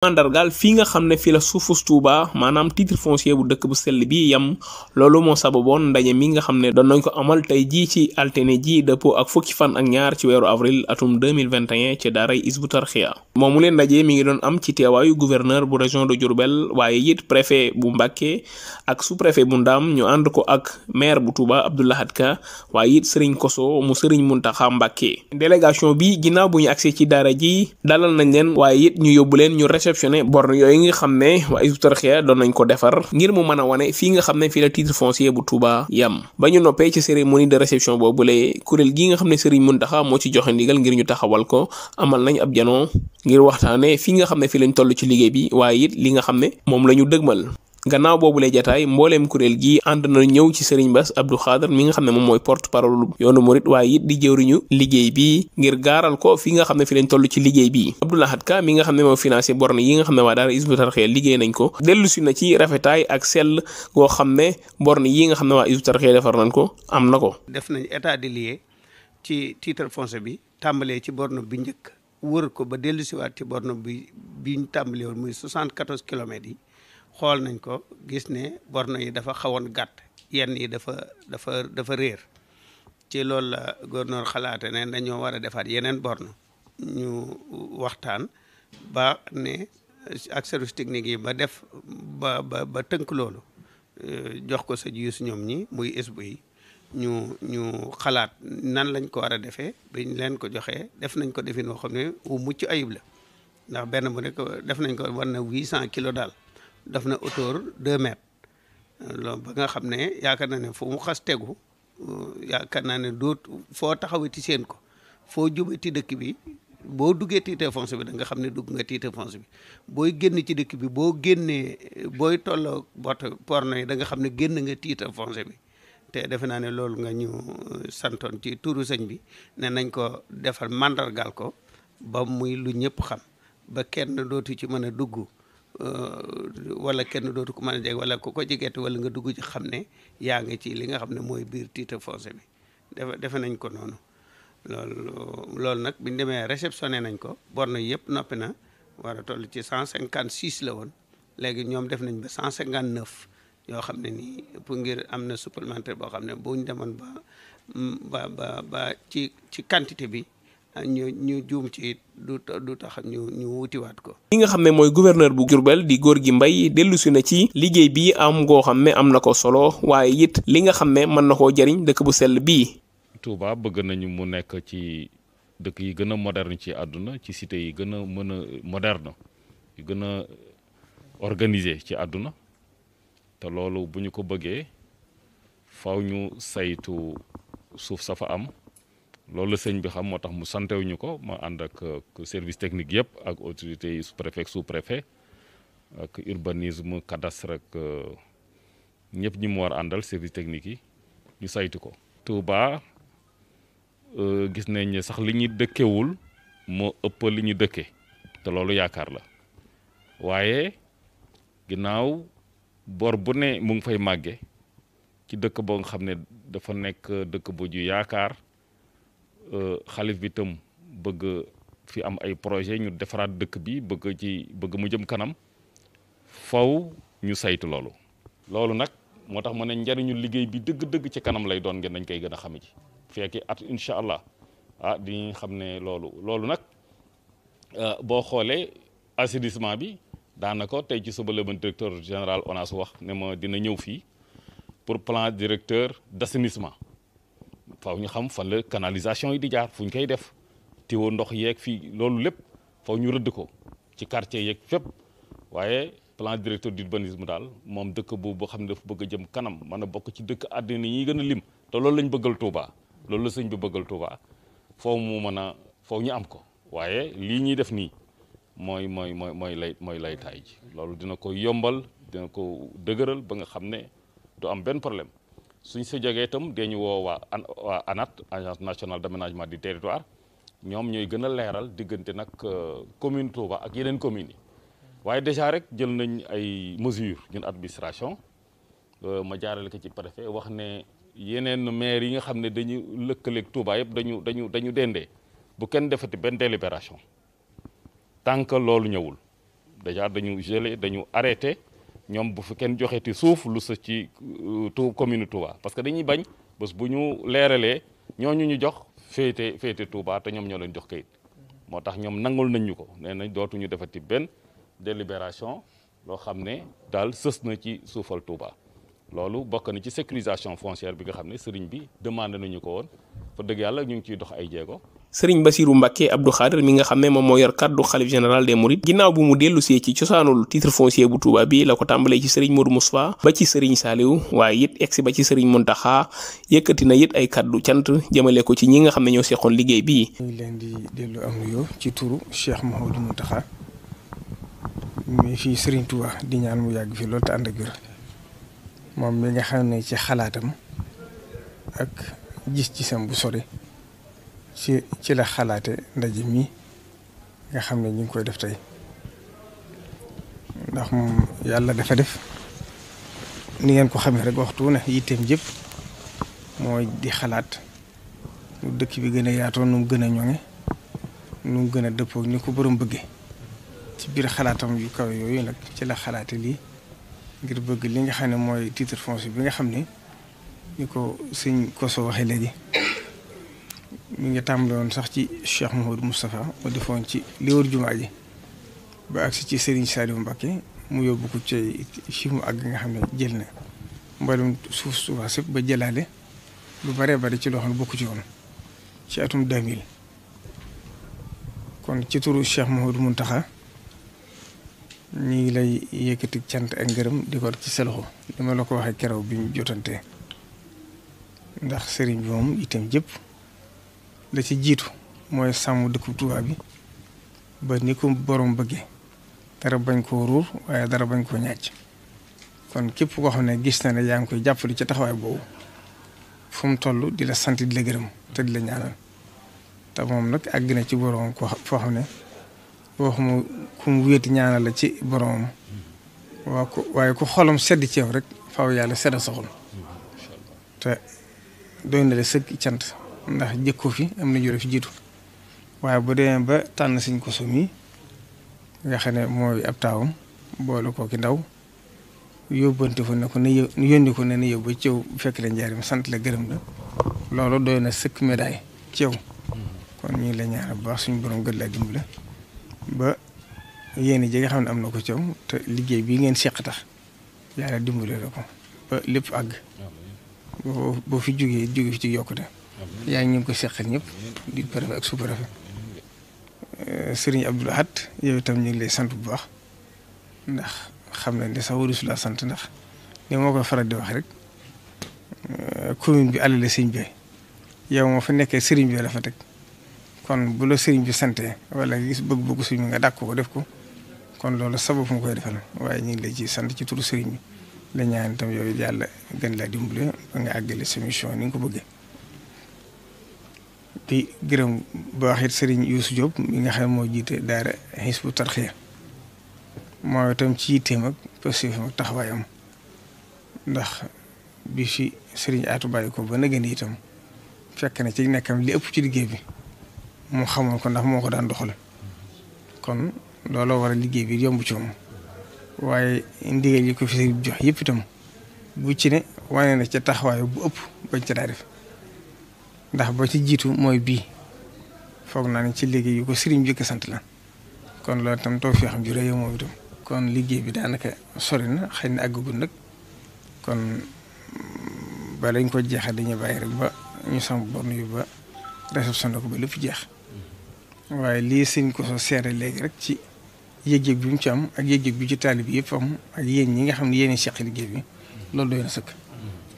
mandargal fi nga xamne fi la soufous touba manam titre foncier bu dëkk bu sel bi yam lolou mo sababoon ndaje mi nga xamne don nañ ko amal tay ji ci alterné ji depo ak fukki fan ak ñaar ci wéru avril atum 2021 ci daaray isbu tarxiya momu len ndaje mi ngi don am ci tewayu gouverneur bu région de djourbel waye yit préfet bu mbacké ak sous préfet bu Ndam ñu and ko ak maire bu Touba Abdullah hadka waye yit Serigne Koso mu Serigne Muntaxa mbacké délégation bi ginaaw bu ñu agsee ci daara ji dalal nañ len waye yit ñu yobulen ñu ñu réceptionné borne yooyu nga xam ne waa Hizbut doon nañ ko defar ngir mu mën a wane fii nga xam ne fii la titre foncier bu Touba yam ba ñu noppee ci cérémonie de réception boobu lee kuréel gi nga xam ne Serigne Mountakha moo ci joxe ndigal ngir ñu taxawal ko amal nañ ab janoo ngir waxtaane fii nga xam ne fii lañ toll ci liggéey bi waaye it li nga xam ne moom la ñu dëgmal gannaaw boobu lay jataay mboolem kuréel gi ànd na ñëw ci Serigne Bass Abdou Khadre mi nga xam ne moom mooy porte parole yoonu murit waaye it di jëwriñu liggéey bi ngir gaaral ko fi nga xam ne fi lañ toll ci liggéey bi Abdou Lahad Ka mi nga xam ne moo financé borne yi nga xam ne waa daara Hizbut Tarqiyyah liggéey nañ ko dellu na ci rafetaay ak sell goo xam ne borne yi nga xam ne waa Hizbut Tarqiyyah defar nañ ko am na ko def nañ état di lieux ci titre foncier bi tàmbalee ci borne bi njëkk wër ko ba dellu siwaat ci borne bi bi ñu tàmbalee woon muy 74 kilomètres yi xool nañ ko gis ne borno yi dafa xawoon gàtt yenn yi dafa dafa dafa réer ci loolu la gouverneur xalaate ne dañoo war a defaat yeneen borno ñu waxtaan ba ne ak service technique yi ba def ba ba tënk loolu euh, jox ko sa jius ñoom ñi muy isbu yi ñu ñu xalaat nan lañ ko war a defee biñ leen ko joxe def nañ ko defin woo xam ne wu mucc ayib la ndax benn bu nekk def nañ ko war na huit cent kilos daal def na hauteur deux mètres loolu ba nga xam ne yaakaar naa ne fu mu xas tegu yaakaar naa ne doot foo taxaweti seen ko foo jubati dëkk bi boo duggee titre foncier bi da nga xam ne dugg nga titre foncier bi booy génn ci dëkk bi boo génnee booy tolloo bot porno yi da nga xam ne génn nga titre foncier bi te defe naa ne loolu nga ñu euh, santoon ci turu sëñ bi ne nañ ko defal mandargal ko ba muy lu ñëpp xam ba kenn dootu ci mën a dugg Euh, wala kenn dootu ko mën a jeg wala ko ko jegete wala nga dugg ci xam ne yaa ngi ci li nga xam ne mooy biir titre foncier bi defe defe nañ ko noonu loolu loolu nag biñu demee réceptionné nañ ko borne yëpp noppi na war a toll ci cent cinquante six la woon léegi ñoom def nañ ba cent cinquante neuf yoo xam ne nii pour ngir am na supplémentaire boo xam ne bu ñu demoon ba ba ba ba ci ci quantité bi ñu ñu juum ci du du tax ñu ñu wutiwaat ko. li nga xam ne mooy gouverneur bu Diourbel di góor gi mbay dellusi na ci liggéey bi am ngoo xam ne am na ko solo waaye it li nga xam ne mën na koo jariñ dëkk bu sell bii. Touba bëgg nañu mu nekk ci dëkk yi gën a moderne ci àdduna ci cité yi gën a mën a moderne yu gën a organisé ci àdduna te loolu bu ñu ko bëggee faw ñu saytu suuf sa fa am. loolu la sëñ bi xam moo tax mu wuñu ko ma ànd ak service technique yëpp ak autorité yi préfet sous préfet ak urbanisme cadastre ak euh, ñëpp ñi mu war àndal service technique yi ñu saytu ko. Touba euh, gis nañ ne sax li ñu dëkkewul moo ëpp li ñu dëkke te loolu yaakaar la waaye ginnaaw bor bu ne mu ngi fay màgge ci dëkk boo nga xam ne dafa nekk dëkk bu ju yaakaar. Euh, xalif bi tam bëgg fi am ay projet ñu defaraat dëkk bi bëgg ci bëgg mu jëm kanam faw ñu saytu loolu loolu nag moo tax ma ne njariñu liggéey bi dëgg-dëgg ci kanam lay doon ngeen dañ koy gën a xame ci fekki at incha allah ah di xam ne loolu loolu nag euh, boo xoolee assainissement bi daanaka tey ci suba la ma directeur général ONAS wax ne ma dina ñëw fii pour plan directeur d' assainissement faw ñu xam fan la canalisation yi di jaar fu ñu koy def tiwo ndox yeeg fii loolu lépp faw ñu rëdd ko ci quartier yeeg fépp waaye plan directeur du d'urbanisme daal moom dëkk bu boo xam ne dafa bëgg a jëm kanam mën a bokk ci dëkk àddina yi gën a lim te loolu lañ bëggal Touba loolu la sëñ bi bëggal Touba faw mu mën a faw ñu am ko waaye lii ñuy def nii mooy mooy mooy mooy lay mooy laytaay ji loolu dina ko yombal dina ko dëgëral ba nga xam ne du am benn problème suñ si jógee itam dañu woo waa waa ANAT agence nationale d' ménagement du territoire ñoom ñooy gën a leeral diggante nag euh, commune Touba ak yeneen commune yi waaye déjà rek jël nañ ay mesures ñun administration euh, ma jaarale ko ci préfet wax ne yeneen maire yi nga xam ne dañu lëkkaleeg Touba yëpp dañu dañu dañu dendee bu kenn defati benn délibération tant que loolu ñëwul déjà dañu gelé dañu arrêté ñoom bu fi kenn joxee ti suuf lu sa ci euh, tu commune Touba parce que dañuy bañ bés bu ñu leeralee ñoo ñu ñu jox féete féete Touba te ñoom ñoo leen jox kayit moo tax ñoom nangul nañ ñu ko nee nañ dootuñu defati benn délibération loo xam ne daal sës na ci suufal Touba. loolu bokk na ci sécurisation foncière bi nga xam ne sëriñ bi demandé nañu ko woon fa dëgg yàlla ñu ngi ciy dox ay jéego. serigne bassirou mbacke abdou khader mi nga xamne mom mo yor cadeau khalif general des mourides ginaaw bu mu delu ci ci ciosanul titre foncier bu touba bi lako ko tambalé ci serigne modou moustapha ba ci serigne saliw waye yit ex ba ci serigne muntaha yekati na yit ay cadeau tiant jëmele ko ci ñi nga xamne ñoo séxon liggéey bi ñu leen di delu am yo ci turu cheikh mahoudou muntaha mi fi serigne touba di ñaan mu yag fi lool ta and ak mom mi nga xamne ci xalaatam ak gis ci sam bu sori ci ci la xalaate ndaje mi nga xam ne ñu ngi koy def tey ndax moom yàlla dafa def ni ngeen ko xamee rek waxtu ne yitteem yëpp mooy di xalaat nu dëkk bi gën a yaatoo nu gën a ñoŋe nu gën a dëppoo ni ko borom bëggee ci biir xalaatam yu kaw yooyu nag ci la xalaate lii ngir bëgg li nga xam ne mooy titre foncier bi nga xam ne ñu ko si ko koso waxee léegi mi ngi tàmbale woon sax ci Cheikh Mouhamadou Moustapha mu defoon ci li wër jumaa ji ba agsi ci Serigne Saliou Mbacké mu yóbbu ko ci fi mu àgg nga xam ne jël na mbalum suuf suufaa sëpp ba jëlaale lu bare bare ci loo xam ne bokku ci woon ci atum 2000 kon ci turu Cheikh Mouhamadou Mountakha ñu ngi lay yëkkati cant ak ngërëm di ko ci sa loxo li ma la ko waxee keroog bi mu jotante ndax sëriñ bi moom itam jëpp la ci jiitu mooy sàmm dëkku Tuubaa bi ba ni ko borom bëggee dara bañ koo ruur waaye dara bañ koo ñàcc kon képp koo xam ne gis na ne yaa ngi koy jàppale ci taxawaay boobu fu mu toll di la sant di la gërëm te di la ñaanal moom nag àgg na ci borom ko xam ne waxuma ku mu wéeti ñaanal la ci boromam waa ko waaye ku xolam sedd ci yow rek faaw yàlla sedd soxol te doy na la sëkk cant. ndax jëkko fi am na ñu fi jiitu waaye bu demee ba tànn sëñ Kosso mi nga xam ne mooy ab taawam boole kooki ndaw yóbbante ko ne ko ne yónni ko ne ne yow ba ci yow fekk la njaarim sant la gërëm la loolu doy na sëkk médaille ci yow kon ñu ngi la ñaanal bu baax suñu borom gën laa dimbale ba yéen ji xam ne am na ko ci te liggéey bi ngeen seq tax yàlla dimbale la ko ba lépp àgg boo fi jógee jóge fi ci yokkute yaa ngi ñu ko seqal ñëpp di préfet ak sous-préfet euh, sëriñ Abdoul Ahad yow itam ñu ngi lay sant bu baax ndax xam nañ ni sax waru si laa sant ndax ni moo koy faral di wax rek euh, commune bi àll sëñ be yow moo fa nekkee sëriñ bi la fa teg kon bu la Serigne bi santee wala gis bëgg-bëgg suñu nga dàq ko def ko kon loolu sababu mu koy defal waaye ñu ngi lay ci sant ci turu Serigne bi la ñaan itam yooyu yàlla gën laa dimbale ba nga àggale sa ni nga ko bëggee. di gërëm ba it Serigne Youssou Diop mi nga xam ne moo jiite daara Hizbut Tarqiyyah mooy itam ci yitteem ak positifam ak taxawaayam ndax bi fi Serigne Atou bàyyi ko ba nëgën itam fekk na ci nekkam li ëpp ci liggéey bi mu xamoon ko ndax moo ko daan doxal kon looloo war a liggéey bi yomb ci moom waaye ndigal yi ko fi jox yëpp itam bu ci ne wane na ca taxawaay bu ëpp bañ ca daa def ndax boo ci jiitu mooy bii foog naa ne ci liggéey yu ko sëriñ bi sant la kon loolu itam tawfeex ju rëy moom itam kon liggéey bi daanaka sori na xëy na àggagul nag kon ba lañ ko jeexee dañuy bàyyi rek ba ñu samp borne yu ba réception ko ba lépp jeex waaye lii sëñ ko soo seere léegi rek ci yëg-yëg bi mu ci am ak yëg-yëg bi ci taalib yi yëpp am ak yéen ñi nga xam ne yéen a seq liggéey bi loolu doy na sëkk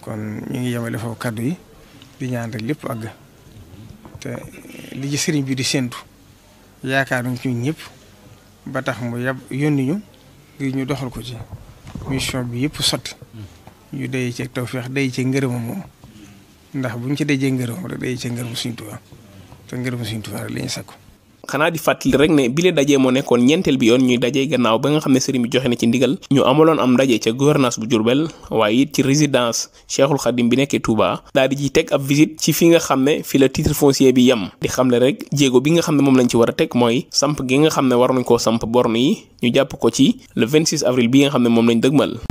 kon ñu ngi yemale foofu kàddu yi. di ñaan rek lépp àgg te li ci sëriñ bi di séntu yaakaaruñ ci ñëpp ba tax mu yab yónni ñu ñu doxal ko ci mission bi yëpp sotti ñu day ci tawfeex day ci ngërëmam moom ndax buñ ci jee ngërëmam rek day ci ngërëmu Sëriñ Tuubaa te ngërëmu Sëriñ Tuubaa rek la ñu sakku xanaa di fàttali rek ne bile dajee moo nekkoon ñeenteel bi yoon ñuy dajee gannaaw ba nga xam ne sëriñ bi joxe na ci ndigal ñu amaloon am ndaje ca gouvernance bu Diourbel waaye it ci résidence Cheikhul Khadim bi nekkee Touba daal di ciy teg ab visite ci fi nga xam ne fi la titre foncier bi yem di le rek jéego bi nga xam ne moom lañ ci war a teg mooy samp gi nga xam ne war nañ ko samp borne yi ñu jàpp ko ci le 26 avril bi nga xam ne moom lañ dëgmal